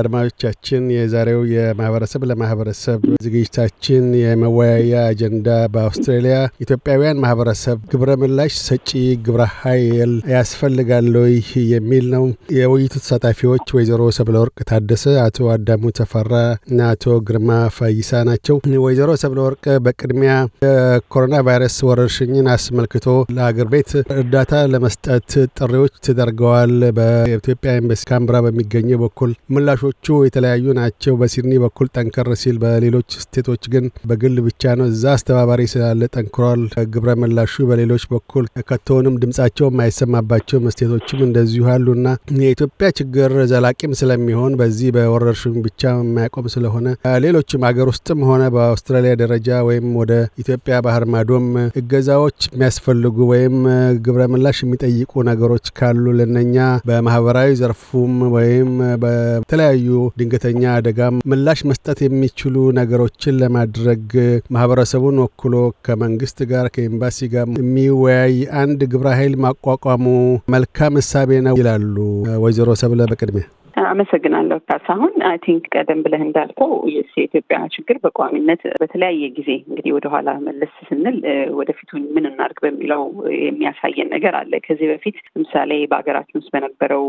አድማጮቻችን የዛሬው የማህበረሰብ ለማህበረሰብ ዝግጅታችን የመወያያ አጀንዳ በአውስትራሊያ ኢትዮጵያውያን ማህበረሰብ ግብረ ምላሽ ሰጪ ግብረ ኃይል ያስፈልጋል የሚል ነው። የውይይቱ ተሳታፊዎች ወይዘሮ ሰብለወርቅ ታደሰ፣ አቶ አዳሙ ተፈራ እና አቶ ግርማ ፋይሳ ናቸው። ወይዘሮ ሰብለወርቅ በቅድሚያ የኮሮና ቫይረስ ወረርሽኝን አስመልክቶ ለሀገር ቤት እርዳታ ለመስጠት ጥሪዎች ተደርገዋል። በኢትዮጵያ ኤምባሲ ካምብራ በሚገኘው በኩል ምላሹ ተጫዋቾቹ የተለያዩ ናቸው። በሲድኒ በኩል ጠንከር ሲል፣ በሌሎች ስቴቶች ግን በግል ብቻ ነው። እዛ አስተባባሪ ስላለ ጠንክሯል ግብረ መላሹ። በሌሎች በኩል ከቶሆንም ድምጻቸው የማይሰማባቸው ስቴቶችም እንደዚሁ አሉና የኢትዮጵያ ችግር ዘላቂም ስለሚሆን በዚህ በወረርሽኝ ብቻ የማያቆም ስለሆነ ሌሎችም አገር ውስጥም ሆነ በአውስትራሊያ ደረጃ ወይም ወደ ኢትዮጵያ ባህር ማዶም እገዛዎች የሚያስፈልጉ ወይም ግብረ ምላሽ የሚጠይቁ ነገሮች ካሉ ለነኛ በማህበራዊ ዘርፉም ወይም በተለያዩ ለተለያዩ ድንገተኛ አደጋ ምላሽ መስጠት የሚችሉ ነገሮችን ለማድረግ ማህበረሰቡን ወክሎ ከመንግስት ጋር ከኤምባሲ ጋር የሚወያይ አንድ ግብረ ኃይል ማቋቋሙ መልካም እሳቤ ነው ይላሉ ወይዘሮ ሰብለ በቅድሚያ አመሰግናለሁ ካሳሁን። አይ ቲንክ ቀደም ብለህ እንዳልከው የኢትዮጵያ ችግር በቋሚነት በተለያየ ጊዜ እንግዲህ ወደኋላ መለስ ስንል ወደፊቱ ምን እናድርግ በሚለው የሚያሳየን ነገር አለ። ከዚህ በፊት ለምሳሌ በሀገራችን ውስጥ በነበረው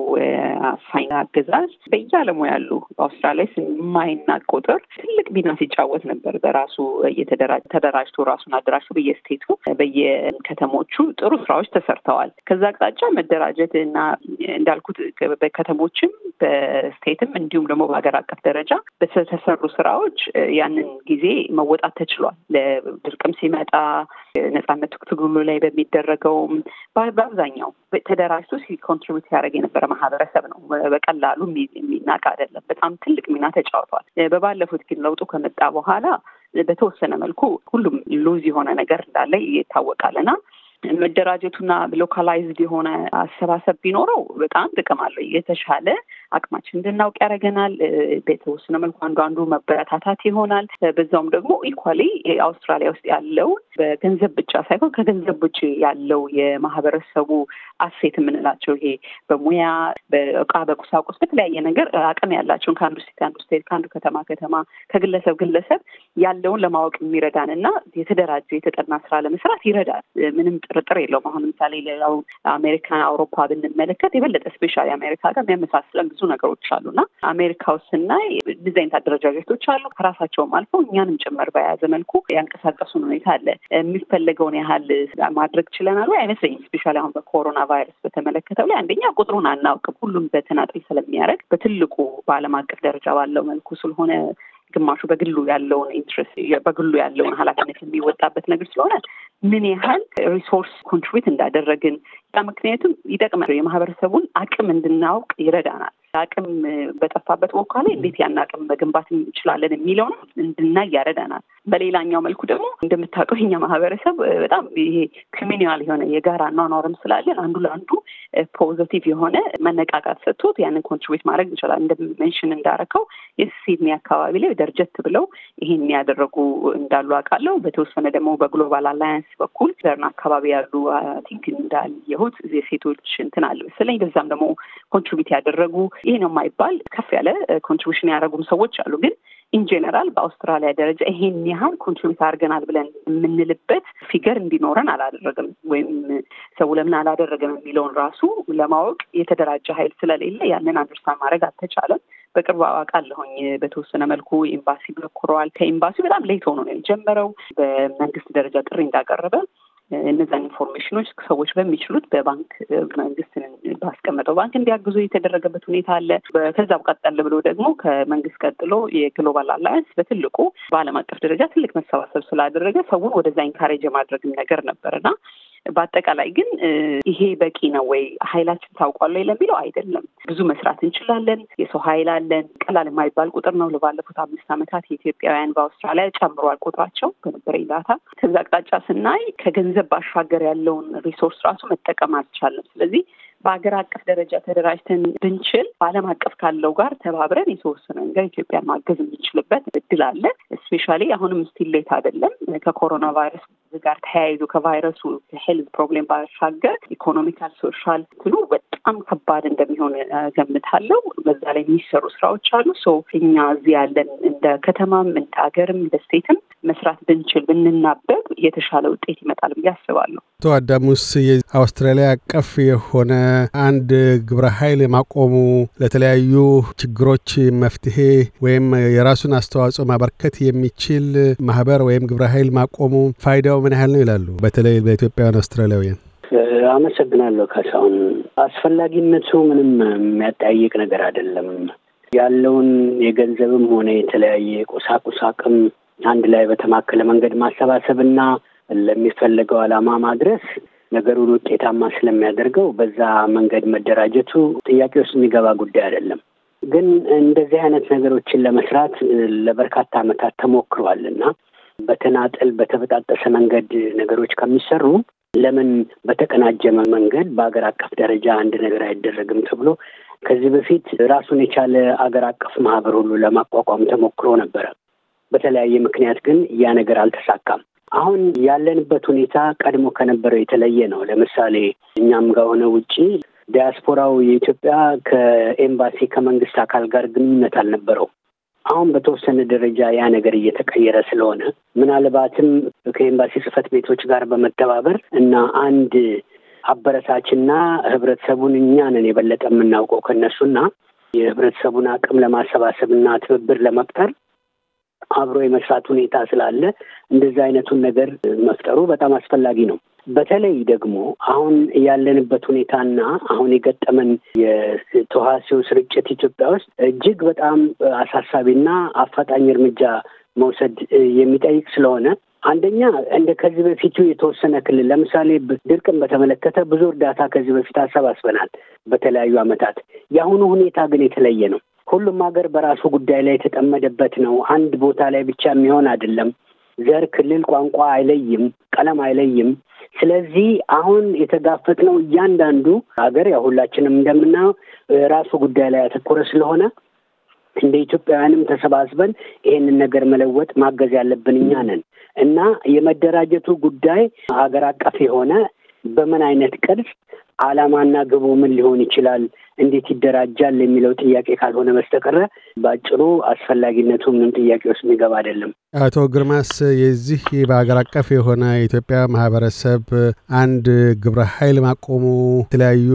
አፋኝ አገዛዝ በየዓለሙ ያሉ በአውስትራሊያ የማይናቅ ቁጥር ትልቅ ሚና ሲጫወት ነበር። በራሱ ተደራጅቶ ራሱን አደራጅቶ በየስቴቱ በየከተሞቹ ጥሩ ስራዎች ተሰርተዋል። ከዛ አቅጣጫ መደራጀት እና እንዳልኩት በከተሞችም በስቴትም እንዲሁም ደግሞ በሀገር አቀፍ ደረጃ በተሰሩ ስራዎች ያንን ጊዜ መወጣት ተችሏል። ለድርቅም ሲመጣ ነጻነት ትግሉ ላይ በሚደረገውም በአብዛኛው ተደራጅቶ ሲኮንትሪቢዩት ያደረግ የነበረ ማህበረሰብ ነው። በቀላሉ የሚናቅ አይደለም። በጣም ትልቅ ሚና ተጫውቷል። በባለፉት ግን ለውጡ ከመጣ በኋላ በተወሰነ መልኩ ሁሉም ሉዝ የሆነ ነገር እንዳለ ይታወቃልና መደራጀቱና ሎካላይዝድ የሆነ አሰባሰብ ቢኖረው በጣም ጥቅም አለው የተሻለ አቅማችን እንድናውቅ ያደርገናል። በተወሰነ መልኩ አንዱ አንዱ መበረታታት ይሆናል። በዛውም ደግሞ ኢኳሊ አውስትራሊያ ውስጥ ያለውን በገንዘብ ብቻ ሳይሆን ከገንዘብ ውጭ ያለው የማህበረሰቡ አሴት የምንላቸው ይሄ በሙያ በእቃ በቁሳቁስ በተለያየ ነገር አቅም ያላቸውን ከአንዱ ስቴት አንዱ ስቴት ከአንዱ ከተማ ከተማ ከግለሰብ ግለሰብ ያለውን ለማወቅ የሚረዳን እና የተደራጀ የተጠና ስራ ለመስራት ይረዳል። ምንም ጥርጥር የለውም። አሁን ምሳሌ ሌላው አሜሪካን አውሮፓ ብንመለከት የበለጠ ስፔሻል የአሜሪካ ጋር የሚያመሳስለን ብዙ ነገሮች አሉ አሜሪካ ውስጥ ስናይ እንደዚህ አይነት አደረጃጀቶች አሉ። ከራሳቸውም አልፈው እኛንም ጭምር በያዘ መልኩ ያንቀሳቀሱን ሁኔታ አለ። የሚፈለገውን ያህል ማድረግ ችለናል ወይ አይመስለኝም። ስፔሻሊ አሁን በኮሮና ቫይረስ በተመለከተው ላይ አንደኛ ቁጥሩን አናውቅም። ሁሉም በተናጥል ስለሚያደርግ በትልቁ በዓለም አቀፍ ደረጃ ባለው መልኩ ስለሆነ ግማሹ በግሉ ያለውን ኢንትረስት በግሉ ያለውን ኃላፊነት የሚወጣበት ነገር ስለሆነ ምን ያህል ሪሶርስ ኮንትሪቢዩት እንዳደረግን ያ ምክንያቱም ይጠቅመ የማህበረሰቡን አቅም እንድናውቅ ይረዳናል። አቅም በጠፋበት ቦካ ላይ እንዴት ያን አቅም መገንባት እንችላለን የሚለው ነው እንድናይ ያረዳናል። በሌላኛው መልኩ ደግሞ እንደምታውቀው የኛ ማህበረሰብ በጣም ይሄ ኮሚኒያል የሆነ የጋራ አኗኗርም ስላለን አንዱ ለአንዱ ፖዘቲቭ የሆነ መነቃቃት ሰጥቶት ያንን ኮንትሪቢዩት ማድረግ እንችላለን። እንደሜንሽን እንዳረከው የሲድኒ አካባቢ ላይ ደርጀት ብለው ይሄን ያደረጉ እንዳሉ አውቃለሁ። በተወሰነ ደግሞ በግሎባል አላያንስ በኩል ዘርን አካባቢ ያሉ ቲንክ እንዳየሁት የሴቶች እንትን አለ መሰለኝ በዛም ደግሞ ኮንትሪቢዩት ያደረጉ ይሄ ነው የማይባል ከፍ ያለ ኮንትሪቢሽን ያደረጉም ሰዎች አሉ። ግን ኢንጀነራል በአውስትራሊያ ደረጃ ይሄን ያህል ኮንትሪቢዩት አድርገናል ብለን የምንልበት ፊገር እንዲኖረን አላደረግም። ወይም ሰው ለምን አላደረገም የሚለውን ራሱ ለማወቅ የተደራጀ ኃይል ስለሌለ ያንን አንደርስታንድ ማድረግ አልተቻለም። በቅርቡ አውቃለሁኝ በተወሰነ መልኩ ኤምባሲ በኩረዋል። ከኤምባሲ በጣም ሌት ሆኖ ነው የጀመረው በመንግስት ደረጃ ጥሪ እንዳቀረበ እነዛን ኢንፎርሜሽኖች ሰዎች በሚችሉት በባንክ መንግስት ባስቀመጠው ባንክ እንዲያግዙ የተደረገበት ሁኔታ አለ። ከዛ ቀጠል ብሎ ደግሞ ከመንግስት ቀጥሎ የግሎባል አላያንስ በትልቁ በዓለም አቀፍ ደረጃ ትልቅ መሰባሰብ ስላደረገ ሰውን ወደዛ ኢንካሬጅ የማድረግም ነገር ነበርና በአጠቃላይ ግን ይሄ በቂ ነው ወይ ሀይላችን ታውቋለ ለሚለው አይደለም። ብዙ መስራት እንችላለን። የሰው ሀይል አለን። ቀላል የማይባል ቁጥር ነው። ለባለፉት አምስት ዓመታት የኢትዮጵያውያን በአውስትራሊያ ጨምሯል ቁጥራቸው በነበረኝ ዳታ። ከዛ አቅጣጫ ስናይ ከገንዘብ ባሻገር ያለውን ሪሶርስ ራሱ መጠቀም አልቻለም። ስለዚህ በሀገር አቀፍ ደረጃ ተደራጅተን ብንችል በዓለም አቀፍ ካለው ጋር ተባብረን የተወሰነ ነገር ኢትዮጵያን ማገዝ የምንችልበት እድል አለ። እስፔሻሊ አሁንም ስቲሌት አይደለም። ከኮሮና ቫይረስ ጋር ተያይዞ ከቫይረሱ ሄልዝ ፕሮብሌም ባሻገር ኢኮኖሚካል ሶሻል ትሉ በጣም ከባድ እንደሚሆን ገምታለው። በዛ ላይ የሚሰሩ ስራዎች አሉ። እኛ እዚህ ያለን እንደ ከተማም እንደ ሀገርም እንደ ስቴትም መስራት ብንችል ብንናበብ የተሻለ ውጤት ይመጣል ብዬ አስባለሁ። አቶ አዳሙስ የአውስትራሊያ አቀፍ የሆነ አንድ ግብረ ኃይል ማቆሙ ለተለያዩ ችግሮች መፍትሄ ወይም የራሱን አስተዋጽኦ ማበርከት የሚችል ማህበር ወይም ግብረ ኃይል ማቆሙ ፋይዳው ምን ያህል ነው ይላሉ? በተለይ በኢትዮጵያውያን አውስትራሊያውያን። አመሰግናለሁ ካሳሁን። አስፈላጊነቱ ምንም የሚያጠያይቅ ነገር አይደለም። ያለውን የገንዘብም ሆነ የተለያየ ቁሳቁስ አቅም አንድ ላይ በተማከለ መንገድ ማሰባሰብና ለሚፈለገው ዓላማ ማድረስ ነገሩን ውጤታማ ስለሚያደርገው በዛ መንገድ መደራጀቱ ጥያቄ ውስጥ የሚገባ ጉዳይ አይደለም። ግን እንደዚህ አይነት ነገሮችን ለመስራት ለበርካታ ዓመታት ተሞክሯል እና በተናጠል በተበጣጠሰ መንገድ ነገሮች ከሚሰሩ ለምን በተቀናጀ መንገድ በሀገር አቀፍ ደረጃ አንድ ነገር አይደረግም ተብሎ ከዚህ በፊት ራሱን የቻለ አገር አቀፍ ማህበር ሁሉ ለማቋቋም ተሞክሮ ነበረ። በተለያየ ምክንያት ግን ያ ነገር አልተሳካም። አሁን ያለንበት ሁኔታ ቀድሞ ከነበረው የተለየ ነው። ለምሳሌ እኛም ጋር ሆነ ውጪ ዲያስፖራው የኢትዮጵያ ከኤምባሲ ከመንግስት አካል ጋር ግንኙነት አልነበረው። አሁን በተወሰነ ደረጃ ያ ነገር እየተቀየረ ስለሆነ ምናልባትም ከኤምባሲ ጽህፈት ቤቶች ጋር በመተባበር እና አንድ አበረታችና ህብረተሰቡን እኛ ነን የበለጠ የምናውቀው ከነሱና የህብረተሰቡን አቅም ለማሰባሰብ እና ትብብር ለመፍጠር አብሮ የመስራት ሁኔታ ስላለ እንደዚህ አይነቱን ነገር መፍጠሩ በጣም አስፈላጊ ነው። በተለይ ደግሞ አሁን ያለንበት ሁኔታና አሁን የገጠመን የተዋሲው ስርጭት ኢትዮጵያ ውስጥ እጅግ በጣም አሳሳቢና አፋጣኝ እርምጃ መውሰድ የሚጠይቅ ስለሆነ አንደኛ እንደ ከዚህ በፊቱ የተወሰነ ክልል ለምሳሌ ድርቅን በተመለከተ ብዙ እርዳታ ከዚህ በፊት አሰባስበናል በተለያዩ ዓመታት። የአሁኑ ሁኔታ ግን የተለየ ነው። ሁሉም ሀገር በራሱ ጉዳይ ላይ የተጠመደበት ነው። አንድ ቦታ ላይ ብቻ የሚሆን አይደለም። ዘር፣ ክልል፣ ቋንቋ አይለይም፣ ቀለም አይለይም። ስለዚህ አሁን የተጋፈጥነው እያንዳንዱ ሀገር ያው ሁላችንም እንደምናየው ራሱ ጉዳይ ላይ ያተኮረ ስለሆነ እንደ ኢትዮጵያውያንም ተሰባስበን ይሄንን ነገር መለወጥ ማገዝ ያለብን እኛ ነን እና የመደራጀቱ ጉዳይ ሀገር አቀፍ የሆነ በምን አይነት ቅርጽ ዓላማና ግቡ ምን ሊሆን ይችላል፣ እንዴት ይደራጃል የሚለው ጥያቄ ካልሆነ በስተቀረ በአጭሩ አስፈላጊነቱ ምንም ጥያቄ ውስጥ የሚገባ አይደለም። አቶ ግርማስ የዚህ በሀገር አቀፍ የሆነ የኢትዮጵያ ማህበረሰብ አንድ ግብረ ኃይል ማቆሙ የተለያዩ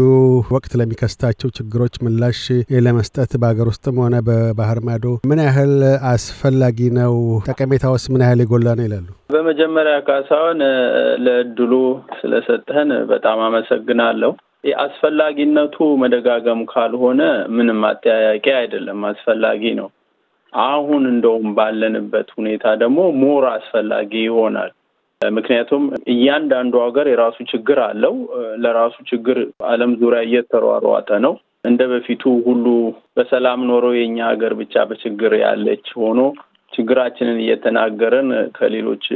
ወቅት ለሚከስታቸው ችግሮች ምላሽ ለመስጠት በሀገር ውስጥም ሆነ በባህር ማዶ ምን ያህል አስፈላጊ ነው? ጠቀሜታውስ ምን ያህል የጎላ ነው ይላሉ? በመጀመሪያ ካሳሁን ለእድሉ ስለሰጠህን በጣም አመሰግናለሁ። አስፈላጊነቱ መደጋገም ካልሆነ ምንም አጠያያቂ አይደለም፣ አስፈላጊ ነው። አሁን እንደውም ባለንበት ሁኔታ ደግሞ ሞር አስፈላጊ ይሆናል። ምክንያቱም እያንዳንዱ ሀገር የራሱ ችግር አለው። ለራሱ ችግር ዓለም ዙሪያ እየተሯሯጠ ነው። እንደ በፊቱ ሁሉ በሰላም ኖሮ የእኛ ሀገር ብቻ በችግር ያለች ሆኖ ችግራችንን እየተናገረን ከሌሎች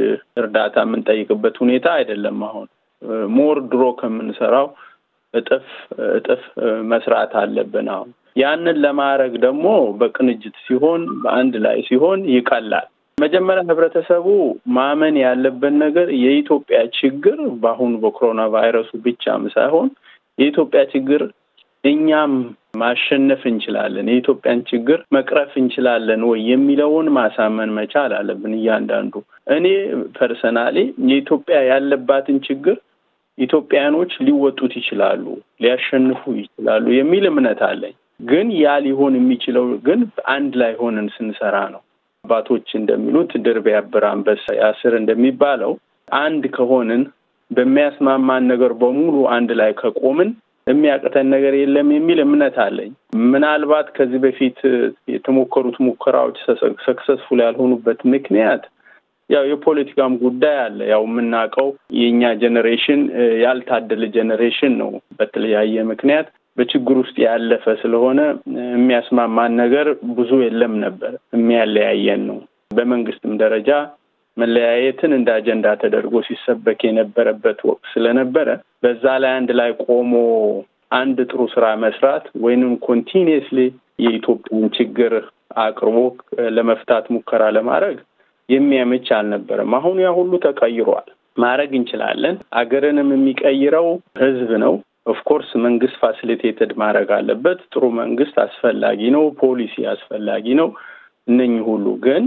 እርዳታ የምንጠይቅበት ሁኔታ አይደለም። አሁን ሞር ድሮ ከምንሰራው እጥፍ እጥፍ መስራት አለብን። አሁን ያንን ለማድረግ ደግሞ በቅንጅት ሲሆን፣ በአንድ ላይ ሲሆን ይቀላል። መጀመሪያ ህብረተሰቡ ማመን ያለበት ነገር የኢትዮጵያ ችግር በአሁኑ በኮሮና ቫይረሱ ብቻም ሳይሆን የኢትዮጵያ ችግር እኛም ማሸነፍ እንችላለን፣ የኢትዮጵያን ችግር መቅረፍ እንችላለን ወይ የሚለውን ማሳመን መቻል አለብን እያንዳንዱ። እኔ ፐርሰናሊ የኢትዮጵያ ያለባትን ችግር ኢትዮጵያኖች ሊወጡት ይችላሉ፣ ሊያሸንፉ ይችላሉ የሚል እምነት አለኝ። ግን ያ ሊሆን የሚችለው ግን አንድ ላይ ሆነን ስንሰራ ነው። አባቶች እንደሚሉት ድር ቢያብር አንበሳ ያስር እንደሚባለው አንድ ከሆንን በሚያስማማን ነገር በሙሉ አንድ ላይ ከቆምን የሚያቅተን ነገር የለም የሚል እምነት አለኝ። ምናልባት ከዚህ በፊት የተሞከሩት ሙከራዎች ሰክሰስፉል ያልሆኑበት ምክንያት ያው የፖለቲካም ጉዳይ አለ። ያው የምናውቀው የእኛ ጀኔሬሽን ያልታደለ ጀኔሬሽን ነው። በተለያየ ምክንያት በችግር ውስጥ ያለፈ ስለሆነ የሚያስማማን ነገር ብዙ የለም ነበር። የሚያለያየን ነው። በመንግስትም ደረጃ መለያየትን እንደ አጀንዳ ተደርጎ ሲሰበክ የነበረበት ወቅት ስለነበረ በዛ ላይ አንድ ላይ ቆሞ አንድ ጥሩ ስራ መስራት ወይንም ኮንቲኒየስሊ የኢትዮጵያን ችግር አቅርቦ ለመፍታት ሙከራ ለማድረግ የሚያመች አልነበረም። አሁን ያ ሁሉ ተቀይሯል። ማድረግ እንችላለን። አገርንም የሚቀይረው ህዝብ ነው። ኦፍኮርስ መንግስት ፋሲሊቴትድ ማድረግ አለበት። ጥሩ መንግስት አስፈላጊ ነው። ፖሊሲ አስፈላጊ ነው። እነኚህ ሁሉ ግን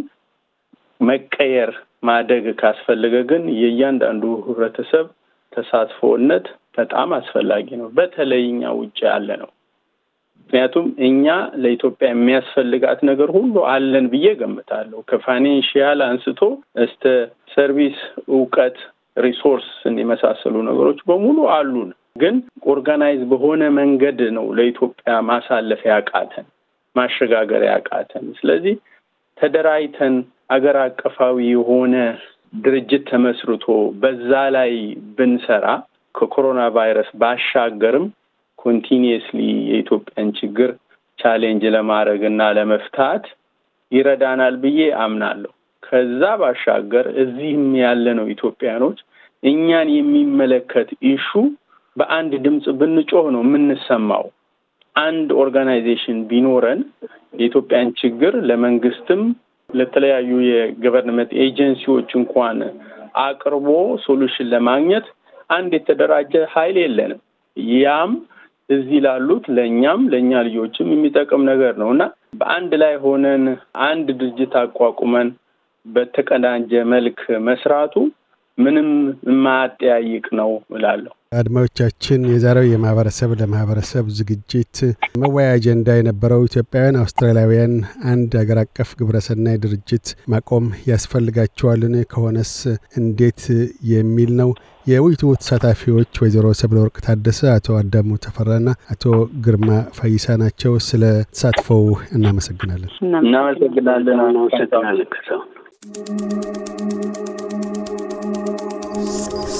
መቀየር ማደግ ካስፈለገ ግን የእያንዳንዱ ህብረተሰብ ተሳትፎነት በጣም አስፈላጊ ነው። በተለይ እኛ ውጭ ያለ ነው። ምክንያቱም እኛ ለኢትዮጵያ የሚያስፈልጋት ነገር ሁሉ አለን ብዬ ገምታለሁ። ከፋይናንሽያል አንስቶ እስተ ሰርቪስ፣ እውቀት፣ ሪሶርስን የመሳሰሉ ነገሮች በሙሉ አሉን። ግን ኦርጋናይዝ በሆነ መንገድ ነው ለኢትዮጵያ ማሳለፍ ያቃተን ማሸጋገር ያቃተን። ስለዚህ ተደራጅተን አገር አቀፋዊ የሆነ ድርጅት ተመስርቶ በዛ ላይ ብንሰራ ከኮሮና ቫይረስ ባሻገርም ኮንቲኒየስሊ የኢትዮጵያን ችግር ቻሌንጅ ለማድረግ እና ለመፍታት ይረዳናል ብዬ አምናለሁ። ከዛ ባሻገር እዚህም ያለነው ኢትዮጵያኖች እኛን የሚመለከት ኢሹ በአንድ ድምፅ ብንጮህ ነው የምንሰማው። አንድ ኦርጋናይዜሽን ቢኖረን የኢትዮጵያን ችግር ለመንግስትም ለተለያዩ የገቨርንመንት ኤጀንሲዎች እንኳን አቅርቦ ሶሉሽን ለማግኘት አንድ የተደራጀ ኃይል የለንም። ያም እዚህ ላሉት ለእኛም ለእኛ ልጆችም የሚጠቅም ነገር ነው እና በአንድ ላይ ሆነን አንድ ድርጅት አቋቁመን በተቀናጀ መልክ መስራቱ ምንም የማያጠያይቅ ነው እላለሁ። አድማጮቻችን፣ የዛሬው የማህበረሰብ ለማህበረሰብ ዝግጅት መወያ አጀንዳ የነበረው ኢትዮጵያውያን አውስትራሊያውያን አንድ አገር አቀፍ ግብረሰናይ ድርጅት ማቆም ያስፈልጋቸዋልን ከሆነስ እንዴት የሚል ነው። የውይይቱ ተሳታፊዎች ወይዘሮ ሰብለ ወርቅ ታደሰ፣ አቶ አዳሙ ተፈራና አቶ ግርማ ፈይሳ ናቸው። ስለ ተሳትፈው እናመሰግናለን። እናመሰግናለን።